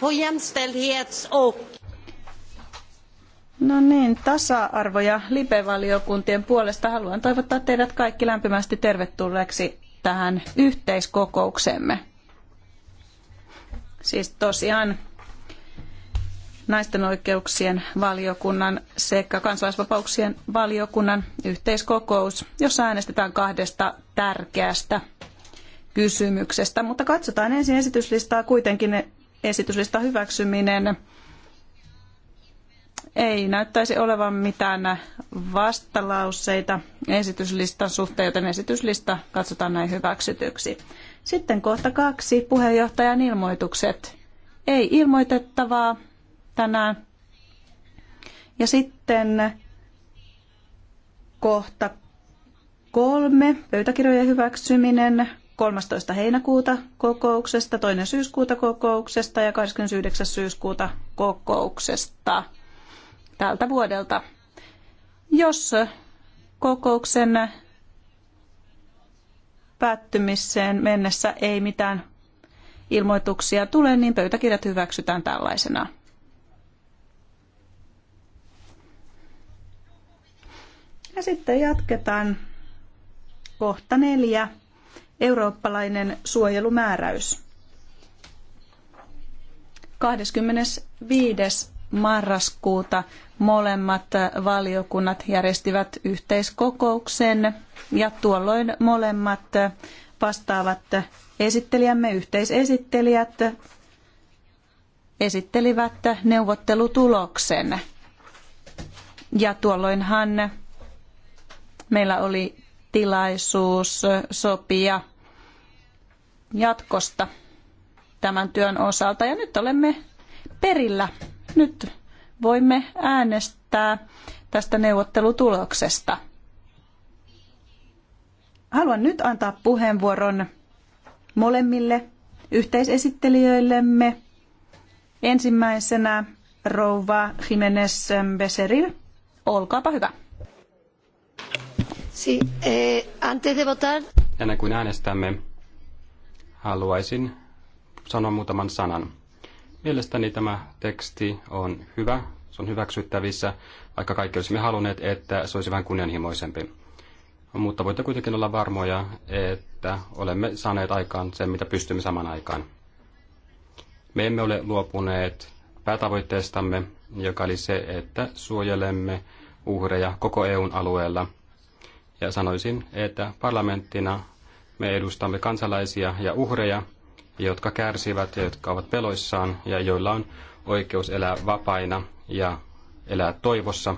på jämställdhets och No niin, tasa-arvo- ja live-valiokuntien puolesta haluan toivottaa teidät kaikki lämpimästi tervetulleeksi tähän yhteiskokoukseemme. Siis tosiaan naisten oikeuksien valiokunnan sekä kansalaisvapauksien valiokunnan yhteiskokous, jossa äänestetään kahdesta tärkeästä kysymyksestä. Mutta katsotaan ensin esityslistaa kuitenkin esityslistan hyväksyminen ei näyttäisi olevan mitään vastalauseita esityslistan suhteen, joten esityslista katsotaan näin hyväksytyksi. Sitten kohta kaksi, puheenjohtajan ilmoitukset. Ei ilmoitettavaa tänään. Ja sitten kohta kolme, pöytäkirjojen hyväksyminen 13. heinäkuuta kokouksesta, toinen syyskuuta kokouksesta ja 29. syyskuuta kokouksesta tältä vuodelta. Jos kokouksen päättymiseen mennessä ei mitään ilmoituksia tule, niin pöytäkirjat hyväksytään tällaisena. Ja sitten jatketaan kohta neljä eurooppalainen suojelumääräys. 25. marraskuuta molemmat valiokunnat järjestivät yhteiskokouksen ja tuolloin molemmat vastaavat esittelijämme, yhteisesittelijät, esittelivät neuvottelutuloksen. Ja tuolloinhan meillä oli tilaisuus sopia jatkosta tämän työn osalta. Ja nyt olemme perillä. Nyt voimme äänestää tästä neuvottelutuloksesta. Haluan nyt antaa puheenvuoron molemmille yhteisesittelijöillemme. Ensimmäisenä rouva Jimenez Beseril. Olkaapa hyvä. Sí, eh, antes de votar... Ennen kuin äänestämme, haluaisin sanoa muutaman sanan. Mielestäni tämä teksti on hyvä, se on hyväksyttävissä, vaikka kaikki olisimme halunneet, että se olisi vähän kunnianhimoisempi. Mutta voitte kuitenkin olla varmoja, että olemme saaneet aikaan sen, mitä pystymme saman aikaan. Me emme ole luopuneet päätavoitteestamme, joka oli se, että suojelemme uhreja koko EUn alueella – ja sanoisin, että parlamenttina me edustamme kansalaisia ja uhreja, jotka kärsivät ja jotka ovat peloissaan ja joilla on oikeus elää vapaina ja elää toivossa.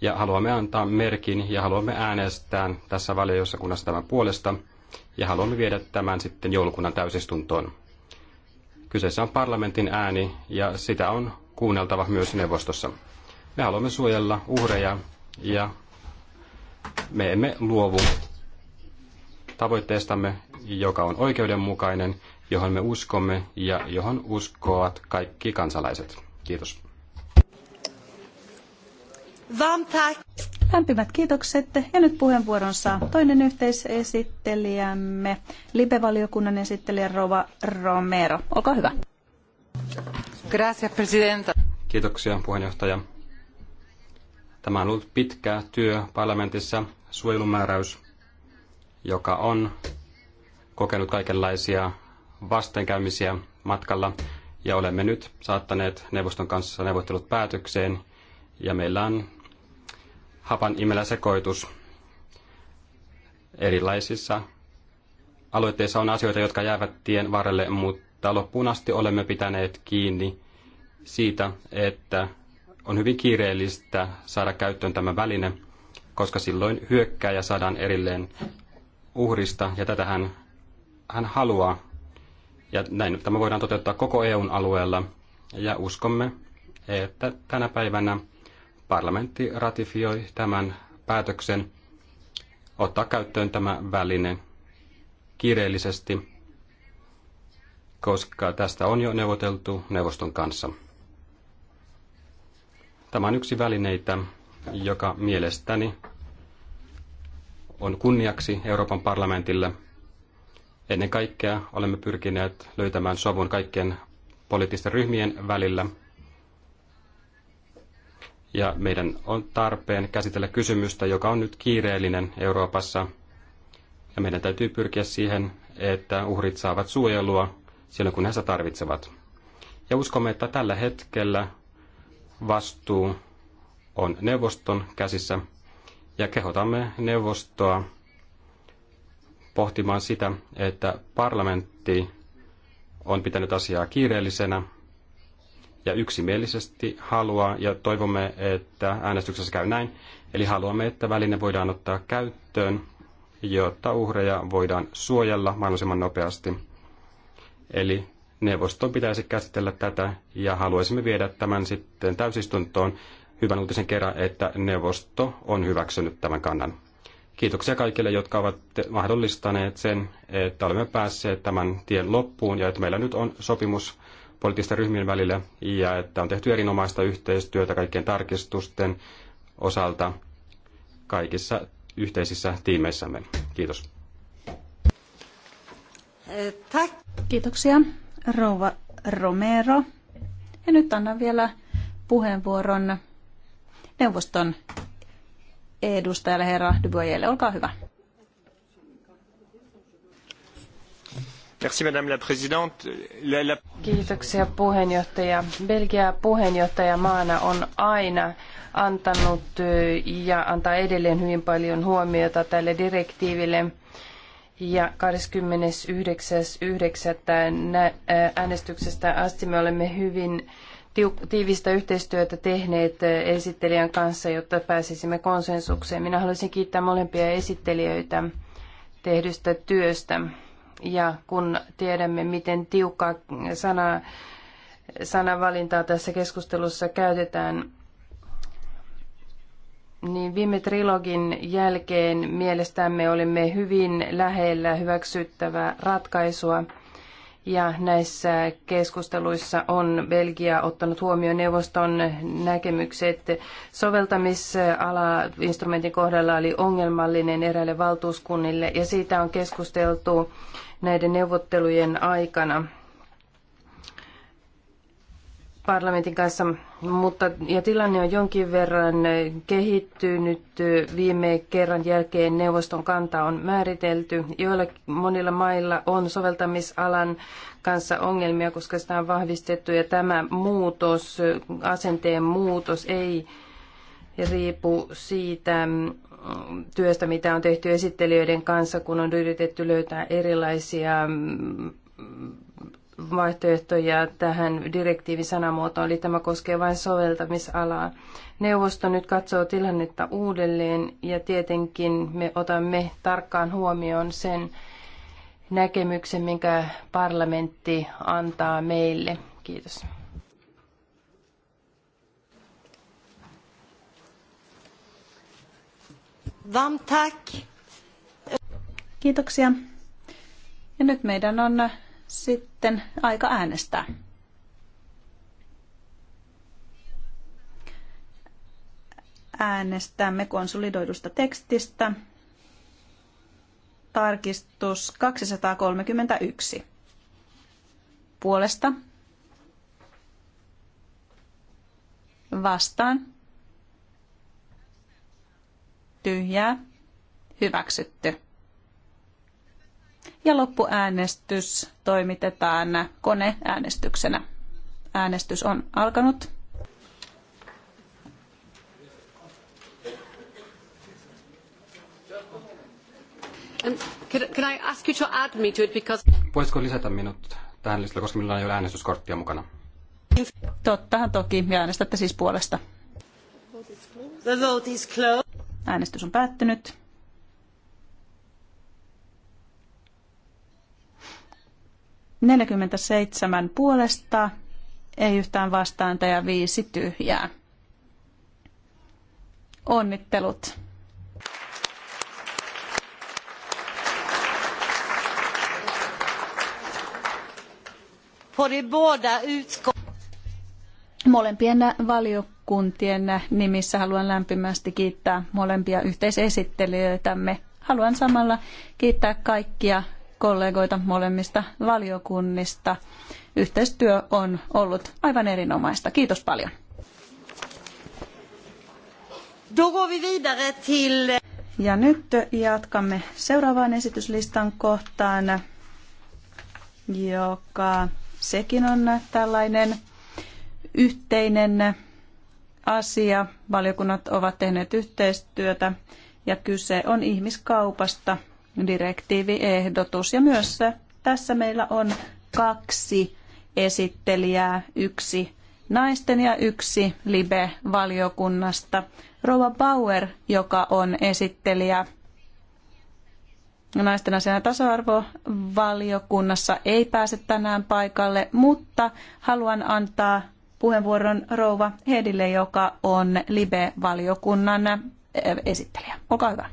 Ja haluamme antaa merkin ja haluamme äänestää tässä valiokunnassa tämän puolesta ja haluamme viedä tämän sitten joulukunnan täysistuntoon. Kyseessä on parlamentin ääni ja sitä on kuunneltava myös neuvostossa. Me haluamme suojella uhreja ja me emme luovu tavoitteestamme, joka on oikeudenmukainen, johon me uskomme ja johon uskovat kaikki kansalaiset. Kiitos. Lämpimät kiitokset. Ja nyt puheenvuoron saa toinen yhteisesittelijämme, Libe-valiokunnan esittelijä Rova Romero. Olkaa hyvä. Gracias, presidenta. Kiitoksia, puheenjohtaja. Tämä on ollut pitkä työ parlamentissa, suojelumääräys, joka on kokenut kaikenlaisia vastenkäymisiä matkalla, ja olemme nyt saattaneet neuvoston kanssa neuvottelut päätökseen, ja meillä on hapan imelä sekoitus. Erilaisissa aloitteissa on asioita, jotka jäävät tien varrelle, mutta loppuun asti olemme pitäneet kiinni siitä, että on hyvin kiireellistä saada käyttöön tämä väline, koska silloin hyökkääjä saadaan erilleen uhrista, ja tätä hän, hän haluaa. Ja näin tämä voidaan toteuttaa koko EUn alueella, ja uskomme, että tänä päivänä parlamentti ratifioi tämän päätöksen ottaa käyttöön tämä väline kiireellisesti, koska tästä on jo neuvoteltu neuvoston kanssa. Tämä on yksi välineitä, joka mielestäni on kunniaksi Euroopan parlamentille. Ennen kaikkea olemme pyrkineet löytämään sovun kaikkien poliittisten ryhmien välillä. Ja meidän on tarpeen käsitellä kysymystä, joka on nyt kiireellinen Euroopassa. Ja meidän täytyy pyrkiä siihen, että uhrit saavat suojelua silloin, kun he sitä tarvitsevat. Ja uskomme, että tällä hetkellä vastuu on neuvoston käsissä ja kehotamme neuvostoa pohtimaan sitä, että parlamentti on pitänyt asiaa kiireellisenä ja yksimielisesti haluaa, ja toivomme, että äänestyksessä käy näin, eli haluamme, että väline voidaan ottaa käyttöön, jotta uhreja voidaan suojella mahdollisimman nopeasti. Eli neuvoston pitäisi käsitellä tätä ja haluaisimme viedä tämän sitten täysistuntoon hyvän uutisen kerran, että neuvosto on hyväksynyt tämän kannan. Kiitoksia kaikille, jotka ovat mahdollistaneet sen, että olemme päässeet tämän tien loppuun ja että meillä nyt on sopimus poliittisten ryhmien välillä ja että on tehty erinomaista yhteistyötä kaikkien tarkistusten osalta kaikissa yhteisissä tiimeissämme. Kiitos. Eh, Kiitoksia rouva Romero. Ja nyt annan vielä puheenvuoron neuvoston edustajalle herra Duboyelle. Olkaa hyvä. Kiitoksia puheenjohtaja. Belgia puheenjohtajamaana on aina antanut ja antaa edelleen hyvin paljon huomiota tälle direktiiville – ja 29.9. Äh, äänestyksestä asti me olemme hyvin tiivistä yhteistyötä tehneet äh, esittelijän kanssa, jotta pääsisimme konsensukseen. Minä haluaisin kiittää molempia esittelijöitä tehdystä työstä. Ja kun tiedämme, miten tiukkaa sana, sanavalintaa tässä keskustelussa käytetään, niin viime trilogin jälkeen mielestämme olimme hyvin lähellä hyväksyttävää ratkaisua. Ja näissä keskusteluissa on Belgia ottanut huomioon neuvoston näkemykset. Soveltamisala instrumentin kohdalla oli ongelmallinen eräille valtuuskunnille ja siitä on keskusteltu näiden neuvottelujen aikana parlamentin kanssa, mutta ja tilanne on jonkin verran kehittynyt viime kerran jälkeen neuvoston kanta on määritelty. Joilla monilla mailla on soveltamisalan kanssa ongelmia, koska sitä on vahvistettu ja tämä muutos, asenteen muutos ei riipu siitä mm, työstä, mitä on tehty esittelijöiden kanssa, kun on yritetty löytää erilaisia mm, vaihtoehtoja tähän direktiivin sanamuotoon, eli tämä koskee vain soveltamisalaa. Neuvosto nyt katsoo tilannetta uudelleen ja tietenkin me otamme tarkkaan huomioon sen näkemyksen, minkä parlamentti antaa meille. Kiitos. Kiitoksia. Ja nyt meidän on sitten aika äänestää. Äänestämme konsolidoidusta tekstistä. Tarkistus 231. Puolesta. Vastaan. Tyhjää. Hyväksytty ja loppuäänestys toimitetaan koneäänestyksenä. Äänestys on alkanut. Can I ask you to add me to it because... Voisitko lisätä minut tähän listalle, koska minulla ei ole äänestyskorttia mukana? Tottahan toki, ja äänestätte siis puolesta. The vote is closed. Äänestys on päättynyt. 47 puolesta, ei yhtään vastaan ja viisi tyhjää. Onnittelut. Molempien valiokuntien nimissä haluan lämpimästi kiittää molempia yhteisesittelijöitämme. Haluan samalla kiittää kaikkia kollegoita molemmista valiokunnista. Yhteistyö on ollut aivan erinomaista. Kiitos paljon. Ja nyt jatkamme seuraavaan esityslistan kohtaan, joka sekin on tällainen yhteinen asia. Valiokunnat ovat tehneet yhteistyötä ja kyse on ihmiskaupasta direktiiviehdotus. Ja myös tässä meillä on kaksi esittelijää, yksi naisten ja yksi Libe-valiokunnasta. Rova Bauer, joka on esittelijä naisten asian tasa-arvovaliokunnassa, ei pääse tänään paikalle, mutta haluan antaa puheenvuoron Rouva Hedille, joka on Libe-valiokunnan eh, esittelijä. Olkaa hyvä.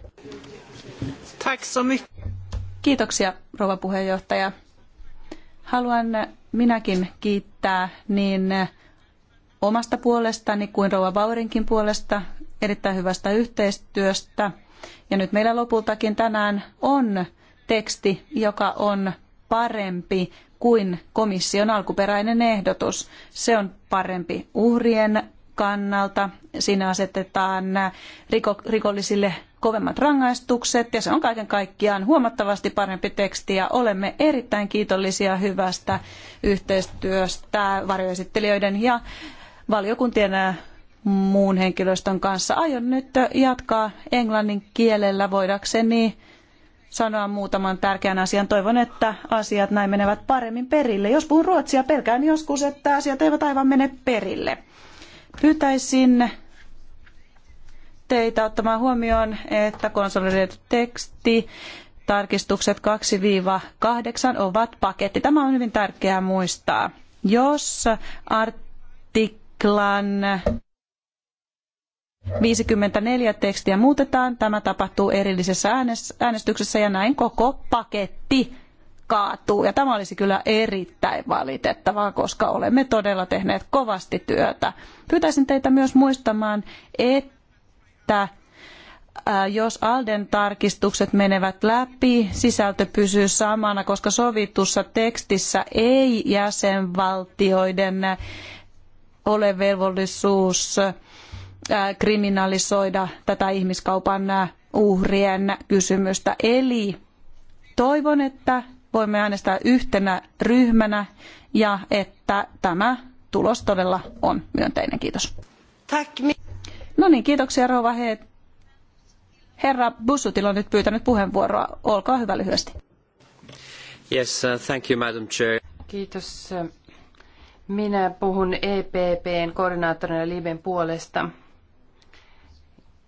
Tack så mycket. Kiitoksia, rouva puheenjohtaja. Haluan minäkin kiittää niin omasta puolestani kuin rouva Baurinkin puolesta erittäin hyvästä yhteistyöstä. Ja nyt meillä lopultakin tänään on teksti, joka on parempi kuin komission alkuperäinen ehdotus. Se on parempi uhrien kannalta. Siinä asetetaan rikollisille kovemmat rangaistukset ja se on kaiken kaikkiaan huomattavasti parempi teksti ja olemme erittäin kiitollisia hyvästä yhteistyöstä varjoesittelijöiden ja valiokuntien äh, muun henkilöstön kanssa. Aion nyt äh, jatkaa englannin kielellä voidakseni sanoa muutaman tärkeän asian. Toivon, että asiat näin menevät paremmin perille. Jos puhun ruotsia, pelkään joskus, että asiat eivät aivan mene perille. Pyytäisin teitä ottamaan huomioon, että konsolidoitu teksti tarkistukset 2-8 ovat paketti. Tämä on hyvin tärkeää muistaa. Jos artiklan 54 tekstiä muutetaan, tämä tapahtuu erillisessä äänestyksessä ja näin koko paketti kaatuu. Ja tämä olisi kyllä erittäin valitettavaa, koska olemme todella tehneet kovasti työtä. Pyytäisin teitä myös muistamaan, että että jos Alden tarkistukset menevät läpi, sisältö pysyy samana, koska sovitussa tekstissä ei jäsenvaltioiden ole velvollisuus kriminalisoida tätä ihmiskaupan uhrien kysymystä. Eli toivon, että voimme äänestää yhtenä ryhmänä ja että tämä tulos todella on myönteinen. Kiitos. No niin, kiitoksia Rova Heet. Herra Bussutil on nyt pyytänyt puheenvuoroa. Olkaa hyvä lyhyesti. Yes, uh, thank you, Madam Chair. Kiitos. Minä puhun EPPn koordinaattorina Liben puolesta.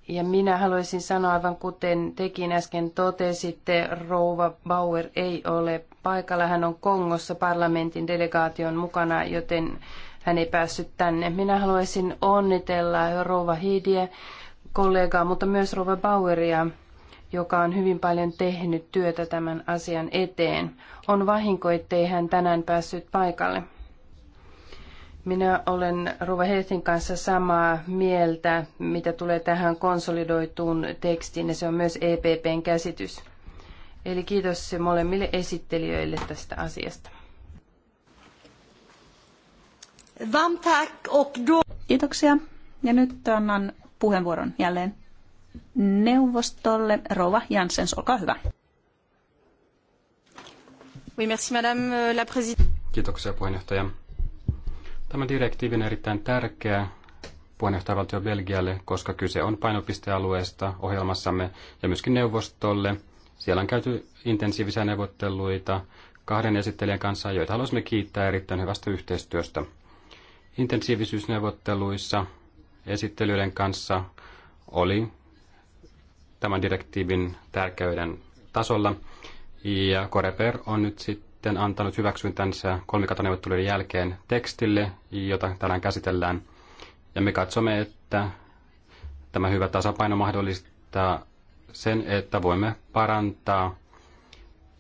Ja minä haluaisin sanoa, aivan kuten tekin äsken totesitte, rouva Bauer ei ole paikalla. Hän on Kongossa parlamentin delegaation mukana, joten hän ei päässyt tänne. Minä haluaisin onnitella Rova Hidiä, kollegaa, mutta myös Rova Baueria, joka on hyvin paljon tehnyt työtä tämän asian eteen. On vahinko, ettei hän tänään päässyt paikalle. Minä olen Rova Heetin kanssa samaa mieltä, mitä tulee tähän konsolidoituun tekstiin, ja se on myös EPPn käsitys. Eli kiitos molemmille esittelijöille tästä asiasta. Kiitoksia. Ja nyt annan puheenvuoron jälleen neuvostolle. Rova Janssens, olkaa hyvä. Oui, merci, madame euh, la Kiitoksia puheenjohtaja. Tämä direktiivi on erittäin tärkeä puheenjohtajavaltio Belgialle, koska kyse on painopistealueesta ohjelmassamme ja myöskin neuvostolle. Siellä on käyty intensiivisiä neuvotteluita kahden esittelijän kanssa, joita haluaisimme kiittää erittäin hyvästä yhteistyöstä intensiivisyysneuvotteluissa esittelyiden kanssa oli tämän direktiivin tärkeyden tasolla. Ja Koreper on nyt sitten antanut hyväksyntänsä kolmikataneuvottelujen jälkeen tekstille, jota tänään käsitellään. Ja me katsomme, että tämä hyvä tasapaino mahdollistaa sen, että voimme parantaa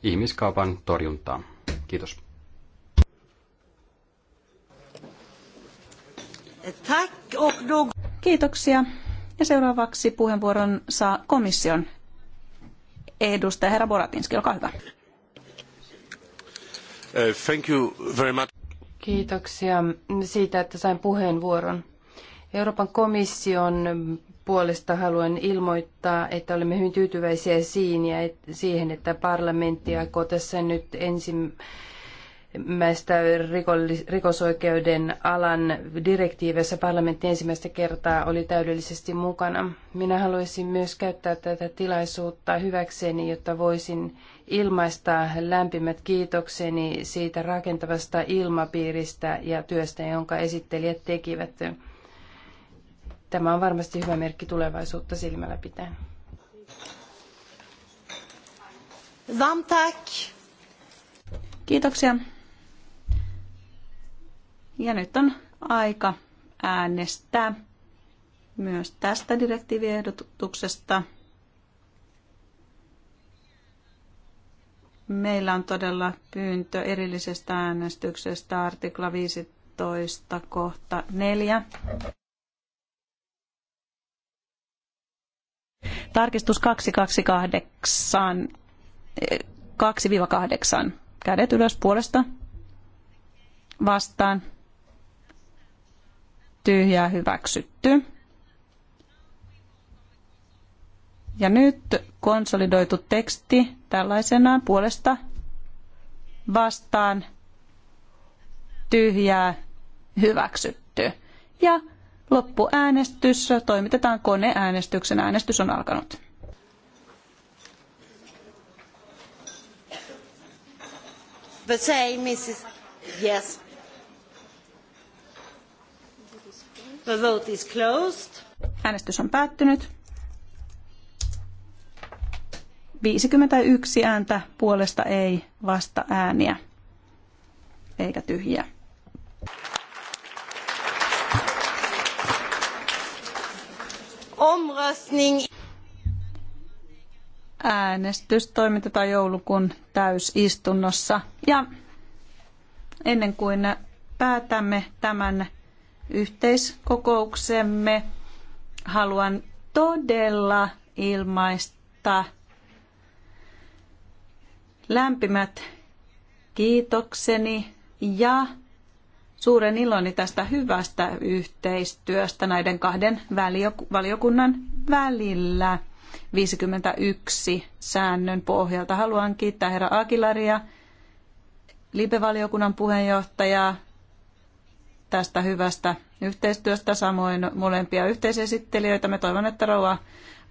ihmiskaupan torjuntaa. Kiitos. Kiitoksia. Ja seuraavaksi puheenvuoron saa komission edustaja herra Boratinski, olkaa hyvä. Uh, thank you very much. Kiitoksia siitä, että sain puheenvuoron. Euroopan komission puolesta haluan ilmoittaa, että olemme hyvin tyytyväisiä siihen, että parlamentti aikoo tässä nyt ensimmäisen ensimmäistä rikosoikeuden alan direktiiveissä parlamentti ensimmäistä kertaa oli täydellisesti mukana. Minä haluaisin myös käyttää tätä tilaisuutta hyväkseni, jotta voisin ilmaista lämpimät kiitokseni siitä rakentavasta ilmapiiristä ja työstä, jonka esittelijät tekivät. Tämä on varmasti hyvä merkki tulevaisuutta silmällä pitäen. Kiitoksia. Ja nyt on aika äänestää myös tästä direktiiviehdotuksesta. Meillä on todella pyyntö erillisestä äänestyksestä artikla 15 kohta 4. Tarkistus 228, 2-8. Eh, Kädet ylös puolesta. Vastaan tyhjää hyväksytty. Ja nyt konsolidoitu teksti tällaisenaan puolesta vastaan tyhjää hyväksytty. Ja loppuäänestys toimitetaan koneäänestyksen. Äänestys on alkanut. The same, Mrs. Yes. The vote is closed. Äänestys on päättynyt. 51 ääntä puolesta ei vasta ääniä eikä tyhjiä. Omröstning. Äänestys toimitetaan joulukuun täysistunnossa. Ja ennen kuin päätämme tämän yhteiskokouksemme. Haluan todella ilmaista lämpimät kiitokseni ja suuren iloni tästä hyvästä yhteistyöstä näiden kahden valiokunnan välillä 51 säännön pohjalta. Haluan kiittää herra Akilaria, Libe-valiokunnan puheenjohtajaa, tästä hyvästä yhteistyöstä, samoin molempia yhteisesittelijöitä. Me toivon, että Rouva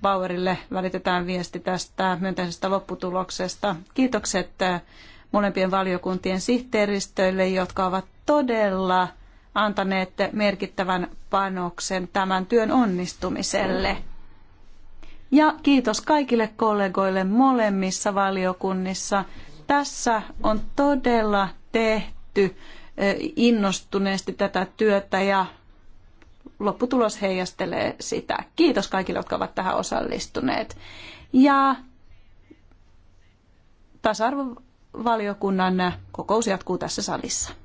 Bauerille välitetään viesti tästä myönteisestä lopputuloksesta. Kiitokset äh, molempien valiokuntien sihteeristöille, jotka ovat todella antaneet merkittävän panoksen tämän työn onnistumiselle. Ja kiitos kaikille kollegoille molemmissa valiokunnissa. Tässä on todella tehty innostuneesti tätä työtä ja lopputulos heijastelee sitä. Kiitos kaikille, jotka ovat tähän osallistuneet. Ja tasa-arvovaliokunnan kokous jatkuu tässä salissa.